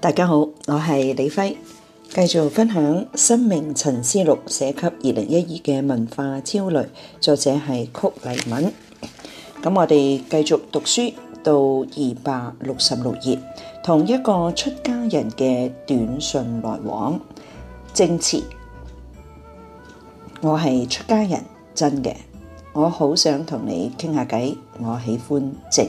大家好，我係李輝，繼續分享《生命沉思錄》寫給二零一二嘅文化焦慮，作者係曲黎敏。咁我哋繼續讀書到二百六十六頁，同一個出家人嘅短信來往，正詞，我係出家人，真嘅，我好想同你傾下偈，我喜歡靜。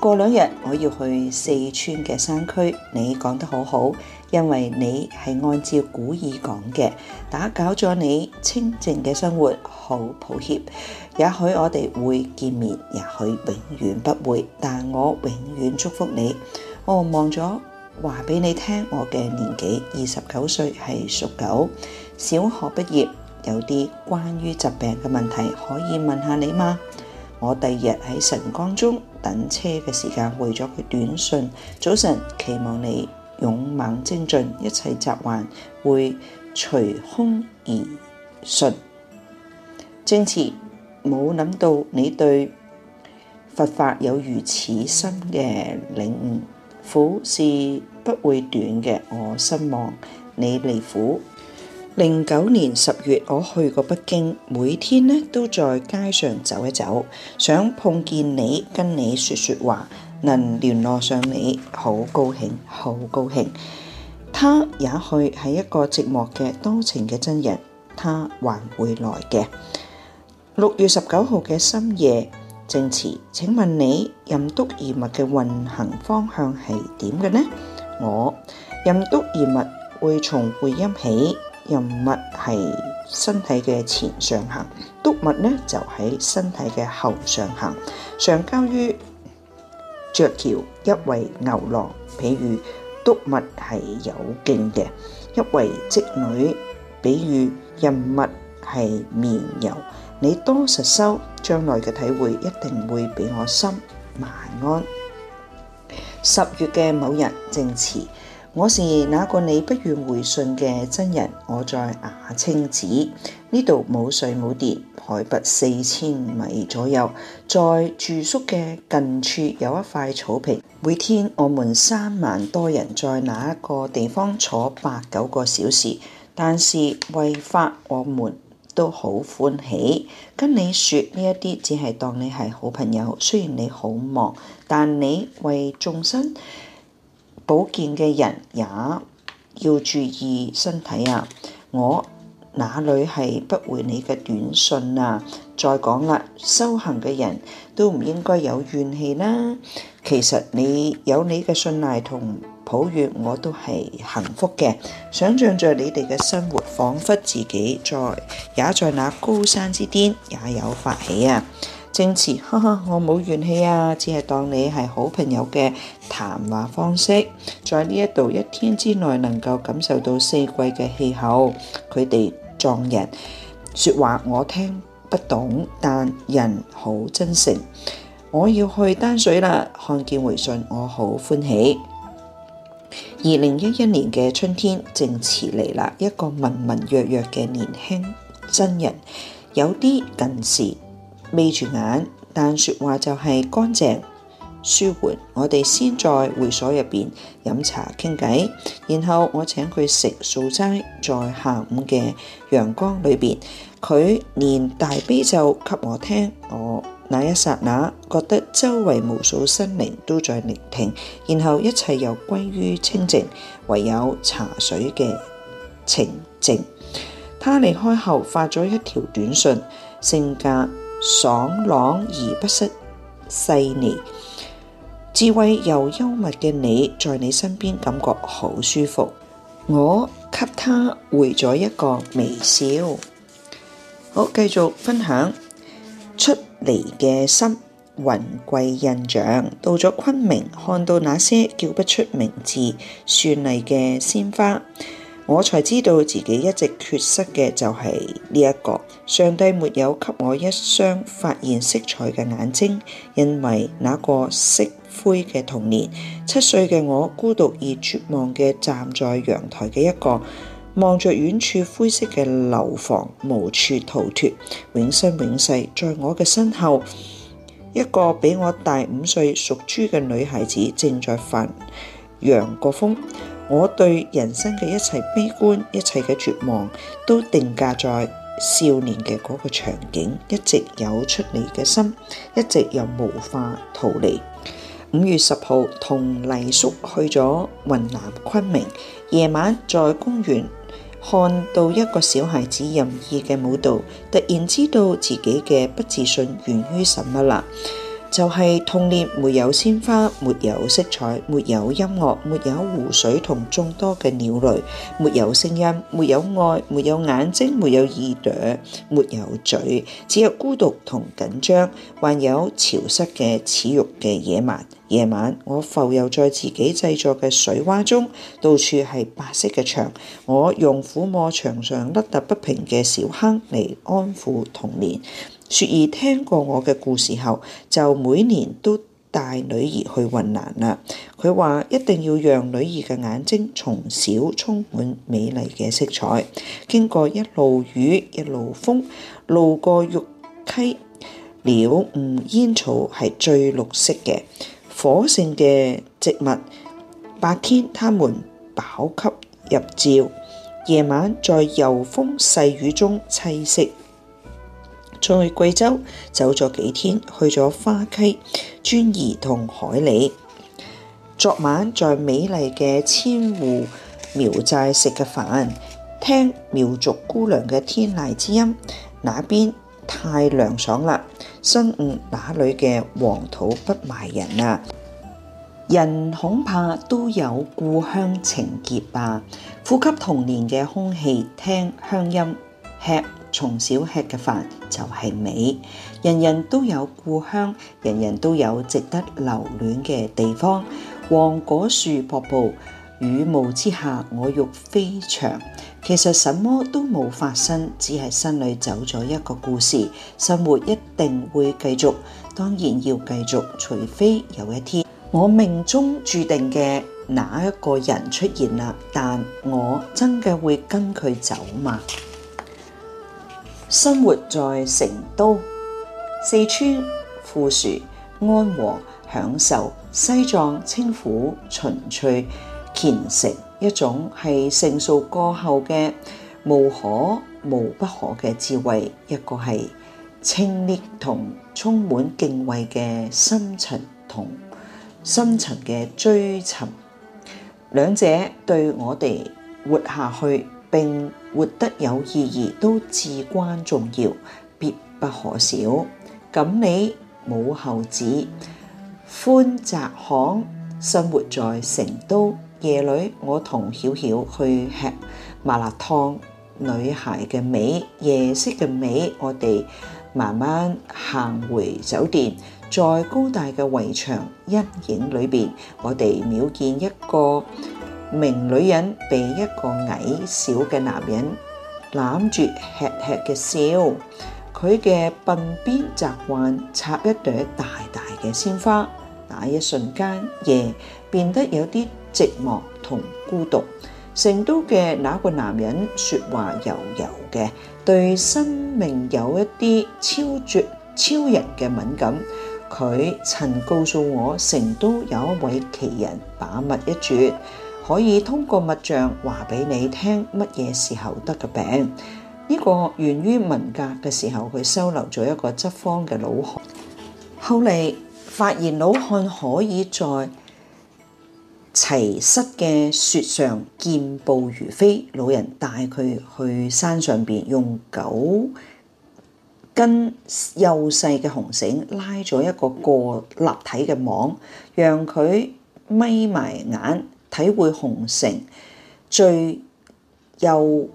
過兩日我要去四川嘅山區，你講得好好，因為你係按照古語講嘅。打攪咗你清靜嘅生活，好抱歉。也許我哋會見面，也許永遠不會，但我永遠祝福你。我忘咗話俾你聽，我嘅年紀二十九歲，係屬狗，小學畢業。有啲關於疾病嘅問題，可以問下你嗎？我第二日喺晨光中等車嘅時間回咗佢短信，早晨，期望你勇猛精進，一切習慣會隨空而順。正視冇諗到你對佛法有如此深嘅領悟，苦是不會短嘅，我失望你離苦。零九年十月，我去過北京，每天呢都在街上走一走，想碰見你，跟你說說話，能聯絡上你好高興，好高興。他也許，係一個寂寞嘅多情嘅真人，他還會來嘅。六月十九號嘅深夜，正慈，請問你任督二脈嘅運行方向係點嘅呢？我任督二脈會從會陰起。任脈係身體嘅前上行，督脈呢就喺身體嘅後上行。上交於雀橋一位牛郎，比喻督脈係有勁嘅，一位織女，比喻任脈係綿柔。你多實修，將來嘅體會一定會比我深。晚安。十月嘅某日正，正慈。我是那個你不願回信嘅真人，我在亞青寺呢度冇水冇電，海拔四千米左右，在住宿嘅近處有一塊草坪。每天我們三萬多人在那一個地方坐八九個小時，但是為法，我們都好歡喜。跟你說呢一啲，只係當你係好朋友，雖然你好忙，但你為眾生，保健嘅人也要注意身體啊！我哪裏係不回你嘅短信啊？再講啦，修行嘅人都唔應該有怨氣啦。其實你有你嘅信賴同抱怨，我都係幸福嘅。想象着你哋嘅生活，仿佛自己在也在那高山之巔也有發起啊！正慈，哈哈，我冇怨氣啊，只係當你係好朋友嘅談話方式。在呢一度一天之內能夠感受到四季嘅氣候，佢哋藏人說話我聽不懂，但人好真誠。我要去丹水啦，看見回信我好歡喜。二零一一年嘅春天，正慈嚟啦，一個文文弱弱嘅年輕僧人，有啲近視。眯住眼，但説話就係乾淨舒緩。我哋先在會所入邊飲茶傾偈，然後我請佢食素齋，在下午嘅陽光裏邊，佢念大悲咒給我聽。我那一剎那覺得周圍無數生靈都在聆聽，然後一切又歸於清靜，唯有茶水嘅清靜。他離開後發咗一條短信，性格，爽朗而不失細膩，智慧又幽默嘅你，在你身邊感覺好舒服。我給他回咗一個微笑。好，繼續分享出離嘅心雲貴印象。到咗昆明，看到那些叫不出名字、絢麗嘅鮮花。我才知道自己一直缺失嘅就係呢一個，上帝沒有給我一雙發現色彩嘅眼睛，因為那個色灰嘅童年，七歲嘅我孤獨而絕望嘅站在陽台嘅一個，望着遠處灰色嘅樓房，無處逃脫，永生永世，在我嘅身後，一個比我大五歲屬豬嘅女孩子正在發楊國鋒。我對人生嘅一切悲觀，一切嘅絕望，都定格在少年嘅嗰個場景，一直有出離嘅心，一直又無法逃離。五月十號同黎叔去咗雲南昆明，夜晚在公園看到一個小孩子任意嘅舞蹈，突然知道自己嘅不自信源於什麼啦。就係童年，沒有鮮花，沒有色彩，沒有音樂，沒有湖水同眾多嘅鳥類，沒有聲音，沒有愛，沒有眼睛，沒有耳朵，沒有嘴，只有孤獨同緊張，還有潮濕嘅恥辱嘅野蠻。夜晚，我浮游在自己製作嘅水洼中，到處係白色嘅牆，我用撫摸牆上凹凸不平嘅小坑嚟安撫童年。雪兒聽過我嘅故事後，就每年都帶女兒去雲南啦。佢話一定要讓女兒嘅眼睛從小充滿美麗嘅色彩。經過一路雨一路風，路過玉溪，了悟煙草係最綠色嘅火性嘅植物。白天他們飽吸入照，夜晚在柔風細雨中棲息。在貴州走咗幾天，去咗花溪、遵義同海里。昨晚在美麗嘅千戶苗寨食嘅飯，聽苗族姑娘嘅天籟之音。那邊太涼爽啦，深悟，那裏嘅黃土不埋人啊！人恐怕都有故鄉情結吧。呼吸童年嘅空氣，聽鄉音，吃。從小吃嘅飯就係美，人人都有故鄉，人人都有值得留戀嘅地方。黃果樹瀑布，雨霧之下，我欲飛翔。其實什麼都冇發生，只係心裏走咗一個故事。生活一定會繼續，當然要繼續，除非有一天我命中注定嘅那一個人出現啦。但我真嘅會跟佢走嘛？生活在成都，四川富庶安和，享受西藏清苦純粹虔誠。一種係成熟過後嘅無可無不可嘅智慧，一個係清冽同充滿敬畏嘅深沉同深沉嘅追尋，兩者對我哋活下去，並活得有意義都至關重要，必不可少。咁你母猴子寬窄巷，生活在成都夜裏，我同曉曉去吃麻辣燙，女孩嘅美，夜色嘅美，我哋慢慢行回酒店，在高大嘅圍牆陰影裏邊，我哋瞄見一個。名女人被一個矮小嘅男人攬住，吃吃嘅笑。佢嘅鬢邊習慣插一朵大大嘅鮮花。那一瞬間，夜變得有啲寂寞同孤獨。成都嘅那個男人說話柔柔嘅，對生命有一啲超絕超人嘅敏感。佢曾告訴我，成都有一位奇人，把脈一絕。可以通過物象話俾你聽，乜嘢時候得嘅病？呢、這個源於文革嘅時候，佢收留咗一個側方嘅老漢。後嚟發現老漢可以在齊膝嘅雪上健步如飛。老人帶佢去山上邊，用九根幼細嘅紅繩拉咗一個過立體嘅網，讓佢眯埋眼。體會紅塵最幼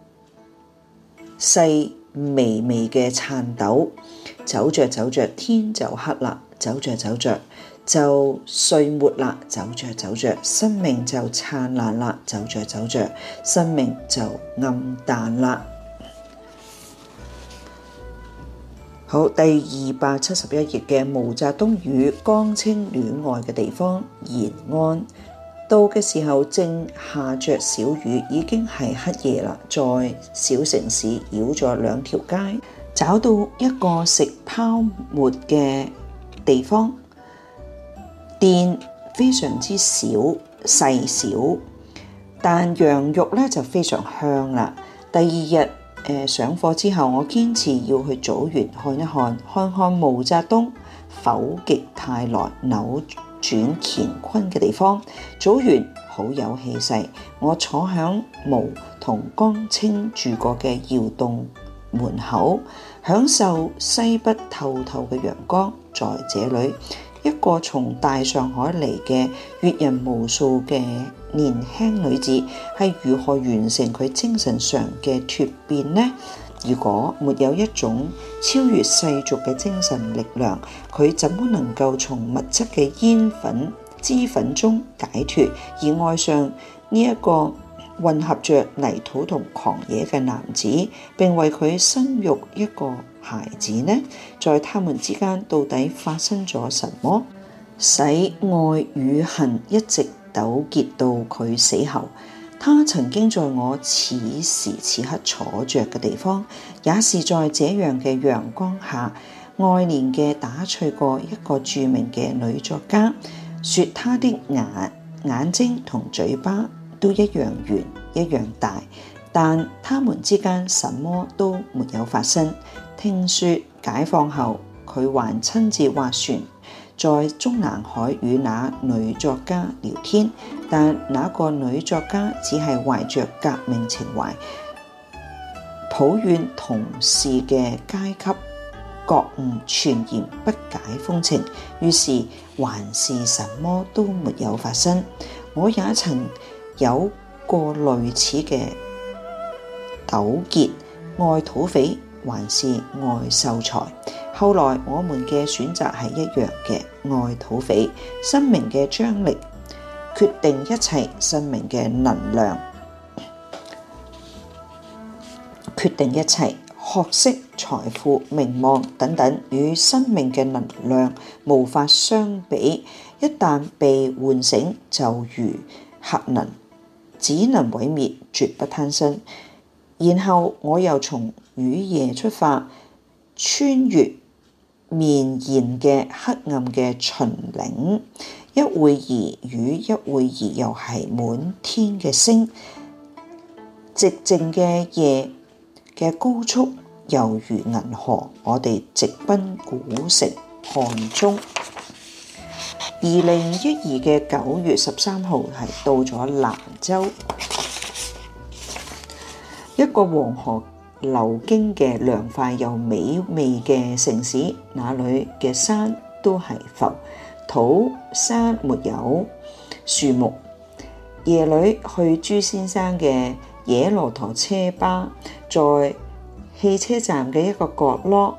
細微微嘅顫抖，走着走着天就黑啦，走着走着就碎沒啦，走着走着生命就燦爛啦，走着走着生命就暗淡啦。好，第二百七十一頁嘅毛澤東與江青戀愛嘅地方延安。到嘅時候正下着小雨，已經係黑夜啦，在小城市繞咗兩條街，找到一個食泡饃嘅地方，店非常之小，細小，但羊肉呢就非常香啦。第二日、呃、上課之後，我堅持要去組員看一看，看看毛澤東否極泰來扭。轉乾坤嘅地方，祖完好有氣勢。我坐響毛同江青住過嘅窯洞門口，享受西北透透嘅陽光。在這裏，一個從大上海嚟嘅閱人無數嘅年輕女子，係如何完成佢精神上嘅蛻變呢？如果沒有一種超越世俗嘅精神力量，佢怎麼能夠從物質嘅煙粉、脂粉中解脫，而愛上呢一個混合着泥土同狂野嘅男子，並為佢生育一個孩子呢？在他們之間到底發生咗什麼，使愛與恨一直糾結到佢死後？他曾經在我此時此刻坐着嘅地方，也是在這樣嘅陽光下，愛憐嘅打趣過一個著名嘅女作家，說她的眼眼睛同嘴巴都一樣圓，一樣大，但他們之間什麼都沒有發生。聽說解放後，佢還親自划船。在中南海與那女作家聊天，但那個女作家只係懷着革命情懷抱怨同事嘅階級覺悟，全然不解風情，於是還是什麼都沒有發生。我也曾有過類似嘅糾結，愛土匪還是愛秀才？後來我們嘅選擇係一樣嘅，愛土匪，生命嘅張力決定一切，生命嘅能量決定一切，學識、財富、名望等等與生命嘅能量無法相比。一旦被喚醒，就如核能，只能毀滅，絕不貪生。然後我又從雨夜出發，穿越。綿延嘅黑暗嘅秦嶺，一會兒雨，一會兒又係滿天嘅星，寂靜嘅夜嘅高速，猶如銀河。我哋直奔古城漢中。二零一二嘅九月十三號係到咗蘭州，一個黃河。流經嘅涼快又美味嘅城市，那裏嘅山都係浮土山，沒有樹木。夜裏去朱先生嘅野駱駝車巴，在汽車站嘅一個角落，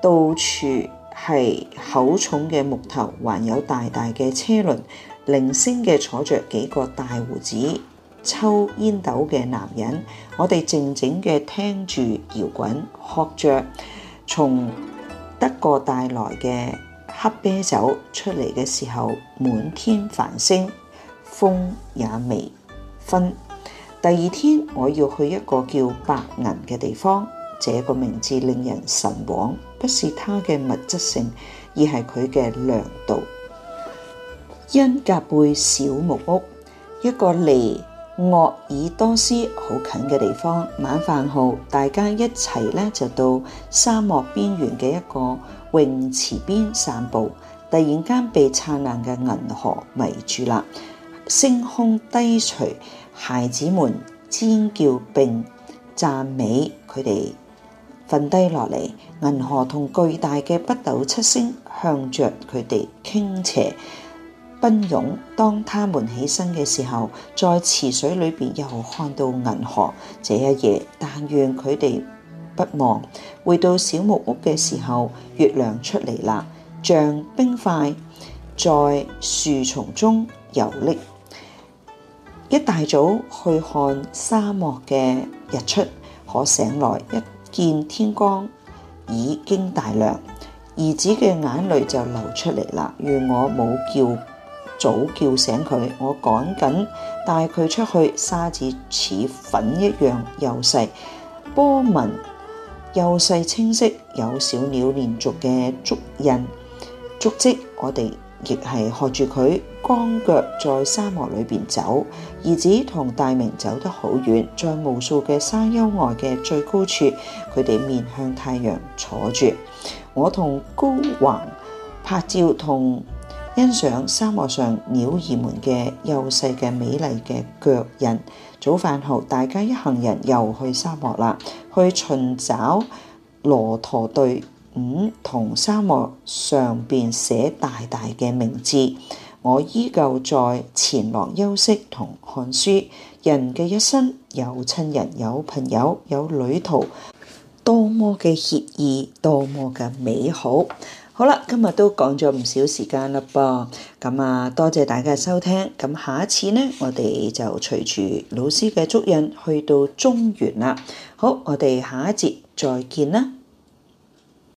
到處係厚重嘅木頭，還有大大嘅車輪，零星嘅坐著幾個大胡子。抽煙斗嘅男人，我哋靜靜嘅聽住搖滾，喝着從德國帶來嘅黑啤酒出嚟嘅時候，滿天繁星，風也微分。第二天我要去一個叫白銀嘅地方，這個名字令人神往，不是它嘅物質性，而係佢嘅亮度。恩格貝小木屋，一個離。鄂爾多斯好近嘅地方，晚飯後大家一齊呢就到沙漠邊緣嘅一個泳池邊散步。突然間被燦爛嘅銀河圍住啦，星空低垂，孩子們尖叫並讚美佢哋。瞓低落嚟，銀河同巨大嘅北斗七星向着佢哋傾斜。奔湧。當他們起身嘅時候，在池水裏邊又看到銀河。這一夜，但願佢哋不忘。回到小木屋嘅時候，月亮出嚟啦，像冰塊在樹叢中遊歷。一大早去看沙漠嘅日出，可醒來一見天光已經大亮。兒子嘅眼淚就流出嚟啦，讓我冇叫。早叫醒佢，我趕緊帶佢出去。沙子似粉一樣幼細，波紋幼細清晰，有小鳥連續嘅足印足跡，我哋亦係學住佢，光腳在沙漠裏邊走。兒子同大明走得好遠，在無數嘅沙丘外嘅最高處，佢哋面向太陽坐住。我同高宏拍照同。欣賞沙漠上鳥兒們嘅幼細嘅美麗嘅腳印。早飯後，大家一行人又去沙漠啦，去尋找駱駝隊伍同沙漠上邊寫大大嘅名字。我依舊在前廊休息同看書。人嘅一生有親人，有朋友，有旅途，多麼嘅愜意，多麼嘅美好。好啦，今日都講咗唔少時間啦噃，咁啊多謝大家收聽，咁下一次呢，我哋就隨住老師嘅足印去到中原啦。好，我哋下一節再見啦。